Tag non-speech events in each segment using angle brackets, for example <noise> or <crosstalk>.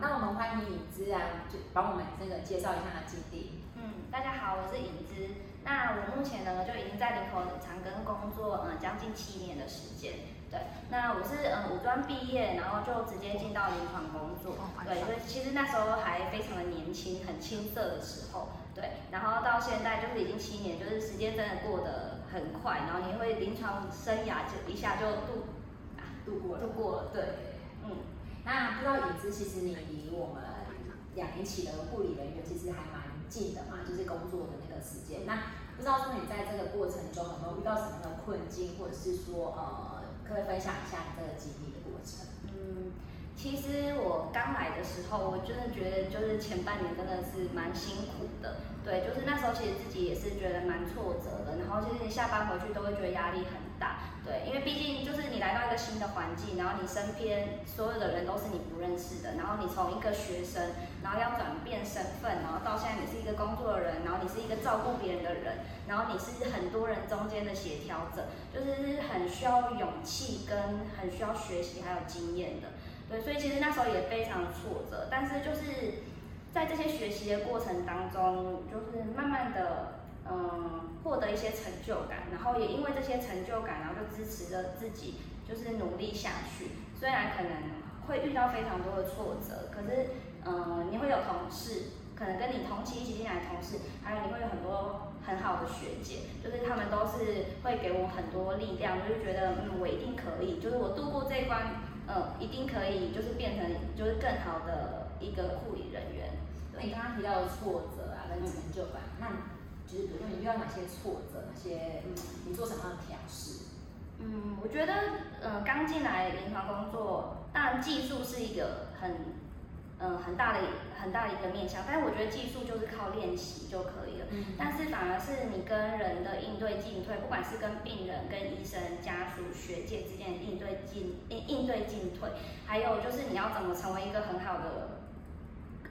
那我們歡迎穎芝啊，就幫我們這個介紹一下她的經歷。嗯，大家好，我是穎芝。那我目前呢就已經在林口長庚工作，嗯、呃，將近七年的時間。對，那我是嗯，五、呃、專畢業，然後就直接進到臨床工作。哦，對，哦、所以其實那時候還非常的年輕，很青澀的時候。對，然後到現在就是已經七年，就是時間真的過得很快。然後因為臨床生涯就一下就度啊，度過了。度過了，對，嗯。那不知道穎芝，其實你離我們兩年期的護理人員其實還蠻近的嘛，就是工作的那個時間。那不知道說你在這個過程中，有沒有遇到什麼樣的困境，或者是說呃，可不可以分享一下你這個經歷的過程？嗯，其實我剛來的時候，我真的覺得就是前半年真的是蠻辛苦的，對，就是那時候其實自己也是覺得蠻挫折的，然後其實你下班回去都會覺得壓力很。大對，因為畢竟就是你來到一個新的環境，然後你身邊所有的人都是你不認識的，然後你從一個學生，然後要轉變身份，然後到現在你是一個工作的人，然後你是一個照顧別人的人，然後你是很多人中間的協調者，就是很需要勇氣，跟很需要學習還有經驗的。對，所以其實那時候也非常的挫折，但是就是在這些學習的過程當中，就是慢慢的。嗯，獲得一些成就感，然後也因為這些成就感，然後就支持着自己，就是努力下去。雖然可能會遇到非常多的挫折，可是，嗯，你會有同事，可能跟你同期一起進來的同事，還有你會有很多很好的學姐，就是他們都是會給我很多力量，我就覺得，嗯，我一定可以，就是我度過這一關，嗯，一定可以，就是變成就是更好的一個護理人員。所以你剛剛提到的挫折啊，跟成就感，嗯、那。就是比如說，你遇到哪些挫折？哪些、嗯、你做什麼樣的調試？嗯，我覺得，嗯，剛進來臨床工作，當然技術是一個很，嗯，很大的很大的一個面向。但是我覺得技術就是靠練習就可以了。嗯。但是反而是你跟人的應對進退，不管是跟病人、跟醫生、家屬、學姐之間的應對進應對進退，還有就是你要怎麼成為一個很好的，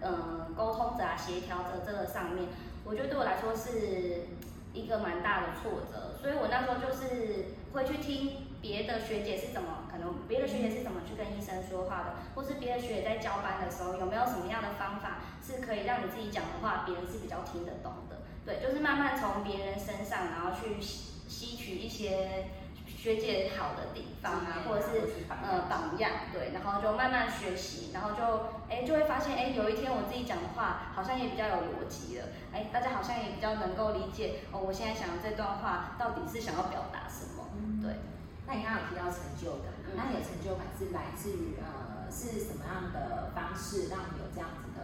嗯，溝通者、啊、協調者，這個上面。我覺得對我來說是一個蠻大的挫折，所以我那時候就是會去聽別的學姐是怎麼，可能別的學姐是怎麼去跟醫生說話的，或是別的學姐在交班的時候有沒有什麼樣的方法是可以讓你自己講的話別人是比較聽得懂的。對，就是慢慢從別人身上，然後去吸吸取一些。學姐好的地方啊，啊或者是，或者是呃榜樣、嗯，對，然後就慢慢學習，然後就哎、欸、就會發現，哎、欸、有一天我自己講的話好像也比較有邏輯了，哎、欸、大家好像也比較能夠理解哦。我現在想的這段話到底是想要表達什麼、嗯？對。那你剛剛有提到成就感、嗯，那你的成就感是來自於呃是什麼樣的方式讓你有這樣子的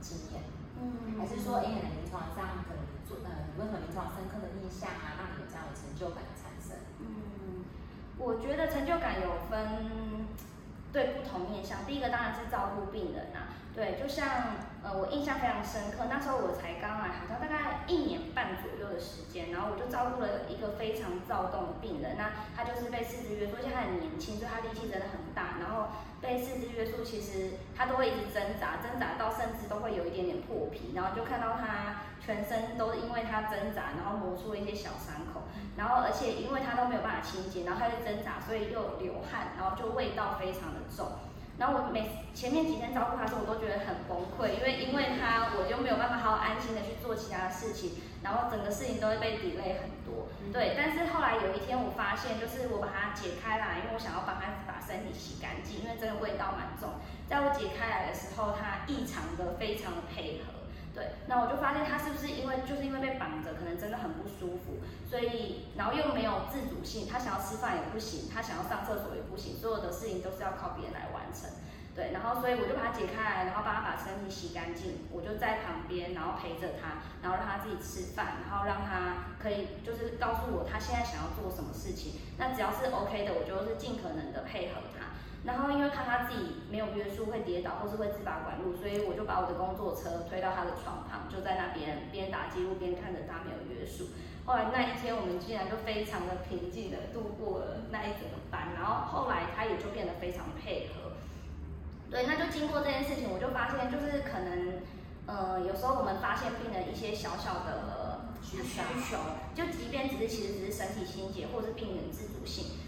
經驗？嗯。還是說哎可能臨床上可能做呃你沒有臨床深刻的印象啊，讓你有這樣的成就感的產生？嗯。我覺得成就感有分對不同面向，第一個當然是照顧病人啊。對，就像呃，我印象非常深刻，那時候我才剛來、啊，好像大概一年半左右的時間，然後我就照顧了一個非常躁動的病人。那他就是被四肢約束，而且他很年輕，就他力氣真的很大，然後被四肢約束，其實他都會一直掙扎，掙扎到甚至都會有一點點破皮，然後就看到他。全身都是因為它掙扎，然後磨出了一些小傷口，然後而且因為它都沒有辦法清潔，然後它就掙扎，所以又流汗，然後就味道非常的重。然後我每前面幾天照顧它的時候，我都覺得很崩潰，因為因為它，我就沒有辦法好好安心的去做其他的事情，然後整個事情都會被 delay 很多。對，但是後來有一天我發現，就是我把它解開來，因為我想要幫它把身體洗乾淨，因為真的味道蠻重。在我解開來的時候，它異常的非常的配合。對，那我就發現他是不是因為就是因為被綁着，可能真的很不舒服，所以然後又沒有自主性，他想要吃飯也不行，他想要上廁所也不行，所有的事情都是要靠別人來完成。對，然後所以我就把它解開來，然後幫他把身體洗乾淨，我就在旁邊，然後陪着他，然後讓他自己吃飯，然後讓他可以就是告訴我他現在想要做什麼事情。那只要是 OK 的，我就是盡可能的配合他。然後因為怕他自己沒有約束會跌倒或是會自拔管路，所以我就把我的工作車推到他的床旁，就在那邊邊打記錄邊看着他沒有約束。後來那一天我們竟然就非常的平靜的度過了那一整個班，然後後來他也就變得非常配合。對，那就經過這件事情，我就發現，就是可能，呃，有時候我們發現病人一些小小的需求，就即便只是其實只是身體清潔，或者是病人自主性，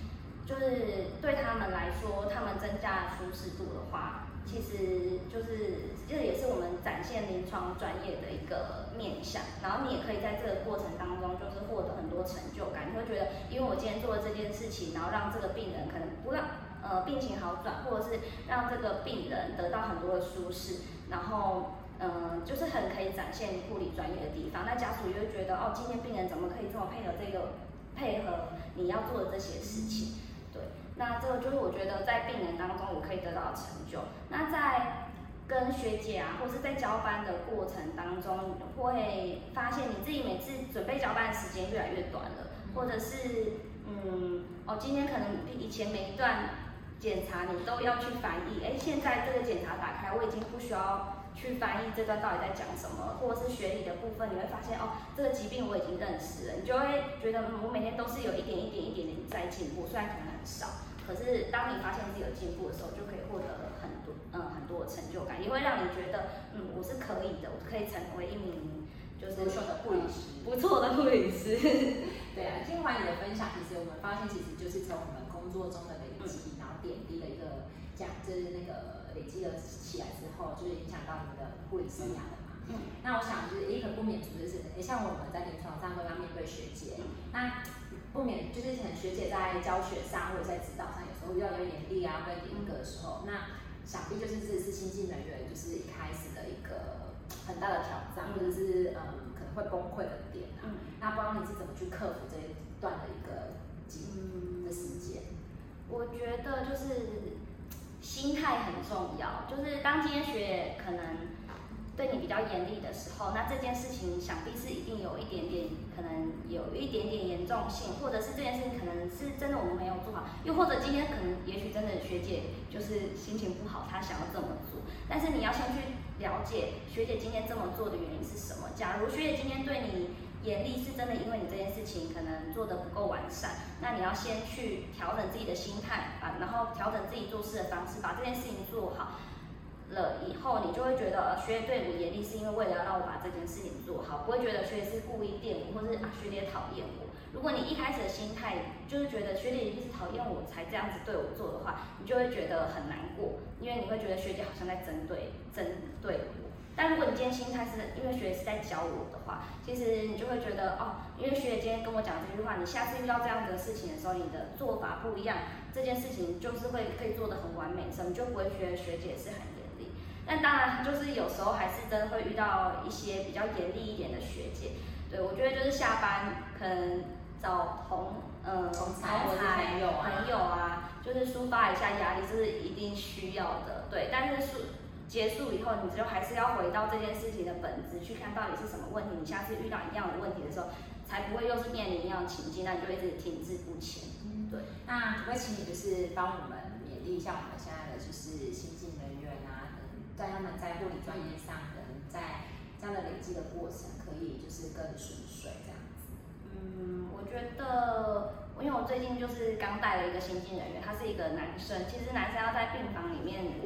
就是對他們來說，他們增加了舒適度的話，其實就是這也是我們展現臨床專業的一個面向。然後你也可以在這個過程當中，就是獲得很多成就感，你會覺得，因為我今天做了這件事情，然後讓這個病人可能不讓。呃，病情好轉，或者是讓這個病人得到很多的舒適，然後，嗯、呃，就是很可以展現你護理專業的地方。那家屬也會覺得，哦，今天病人怎麼可以這麼配合這個，配合你要做的這些事情？對，那這個就是我覺得在病人當中我可以得到的成就。那在跟學姐啊，或是在交班的過程當中，你會發現你自己每次準備交班的時間越來越短了，或者是，嗯，哦，今天可能比以前每一段。檢查你都要去翻譯，哎，現在這個檢查打開，我已經不需要去翻譯這段到底在講什麼，或者是學理的部分，你會發現哦，這個疾病我已經認識了，你就會覺得嗯，我每天都是有一點一點一點點在進步，雖然可能很少，可是當你發現自己有進步的時候，就可以獲得了很多嗯，很多的成就感，也會讓你覺得嗯，我是可以的，我可以成為一名就是優秀的護理師，不錯的護理師， <laughs> 對啊。分享其實我們發現，其實就是從我們工作中的累積，嗯、然後點滴的一個講，就是那個累積了起來之後，就是影響到你們的護理生涯的嘛、嗯。那我想就是也可不免除就是誒，像我們在臨床上都要面對學姐，那不免就是可能學姐在教學上或者在指導上，有時候遇到有點嚴厲啊或者嚴格的時候，嗯、那想必就是自己是新進人員，就是一開始的一個很大的挑戰，或、嗯、者、就是嗯可能會崩潰的點啊、嗯。那不知道你是怎麼去克服這些？短的一個嗯的時間，我覺得就是心態很重要。就是當今天學姐可能對你比較嚴厲的時候，那這件事情想必是一定有一點點，可能有一點點嚴重性，或者是這件事情可能是真的我們沒有做好，又或者今天可能也許真的學姐就是心情不好，她想要這麼做。但是你要先去了解學姐今天這麼做的原因是什麼。假如學姐今天對你。嚴厲是真的，因為你這件事情可能做得不夠完善，那你要先去調整自己的心態啊，然後調整自己做事的方式，把這件事情做好了以後，你就會覺得、啊、學姐對我嚴厲是因為為了要讓我把這件事情做好，不會覺得學姐是故意電我或是、啊、學姐討厭我。如果你一開始的心態就是覺得學姐一定是討厭我才這樣子對我做的話，你就會覺得很難過，因為你會覺得學姐好像在針對針對我。但如果你今天心態是因為學姐是在教我的話，其實你就會覺得哦，因為學姐今天跟我講這句話，你下次遇到這樣的事情的時候，你的做法不一樣，這件事情就是會可以做得很完美，所以你就不會覺得學姐是很嚴厲。但當然就是有時候還是真的會遇到一些比較嚴厲一點的學姐。對，我覺得就是下班可能找同嗯同同事朋友、啊、友啊，就是抒發一下壓力是一定需要的。對，但是舒。結束以後，你就還是要回到這件事情的本質去看到底是什麼問題？你下次遇到一樣的問題的時候，才不會又是面臨一樣的情境，那你就一直停滯不前。嗯。對。那可不可以請你就是幫我們勉勵一下我們現在的就是新進人員啊，在、嗯、他們在護理專業上，可、嗯、能在這樣的累積的過程，可以就是更順遂這樣子。嗯，我覺得，因為我最近就是剛帶了一個新進人員，他是一個男生，其實男生要在病。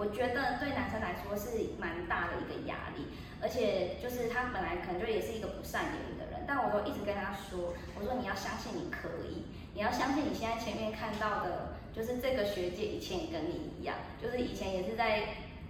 我覺得對男生來說是蠻大的一個壓力，而且就是他本來可能就也是一個不善言語的人，但我都一直跟他說，我說，你要相信你可以，你要相信你現在前面看到的，就是這個學姐以前也跟你一樣，就是以前也是在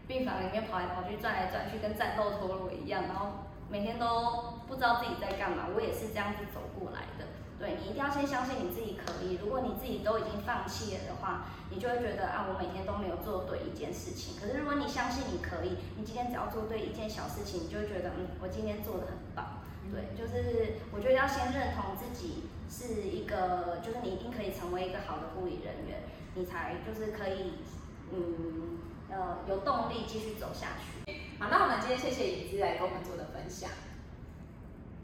病房裡面跑來跑去、轉來轉去，跟戰鬥陀螺一樣，然後每天都不知道自己在幹嘛。我也是這樣子走過來的。對，你一定要先相信你自己可以。如果你自己都已經放棄了的話，你就會覺得啊，我每天都沒有做對一件事情。可是如果你相信你可以，你今天只要做對一件小事情，你就會覺得嗯，我今天做得很棒。對，就是我覺得要先認同自己是一個，就是你一定可以成為一個好的護理人員，你才就是可以嗯、呃、有動力繼續走下去。好，那我們今天謝謝穎芝來跟我們做的分享。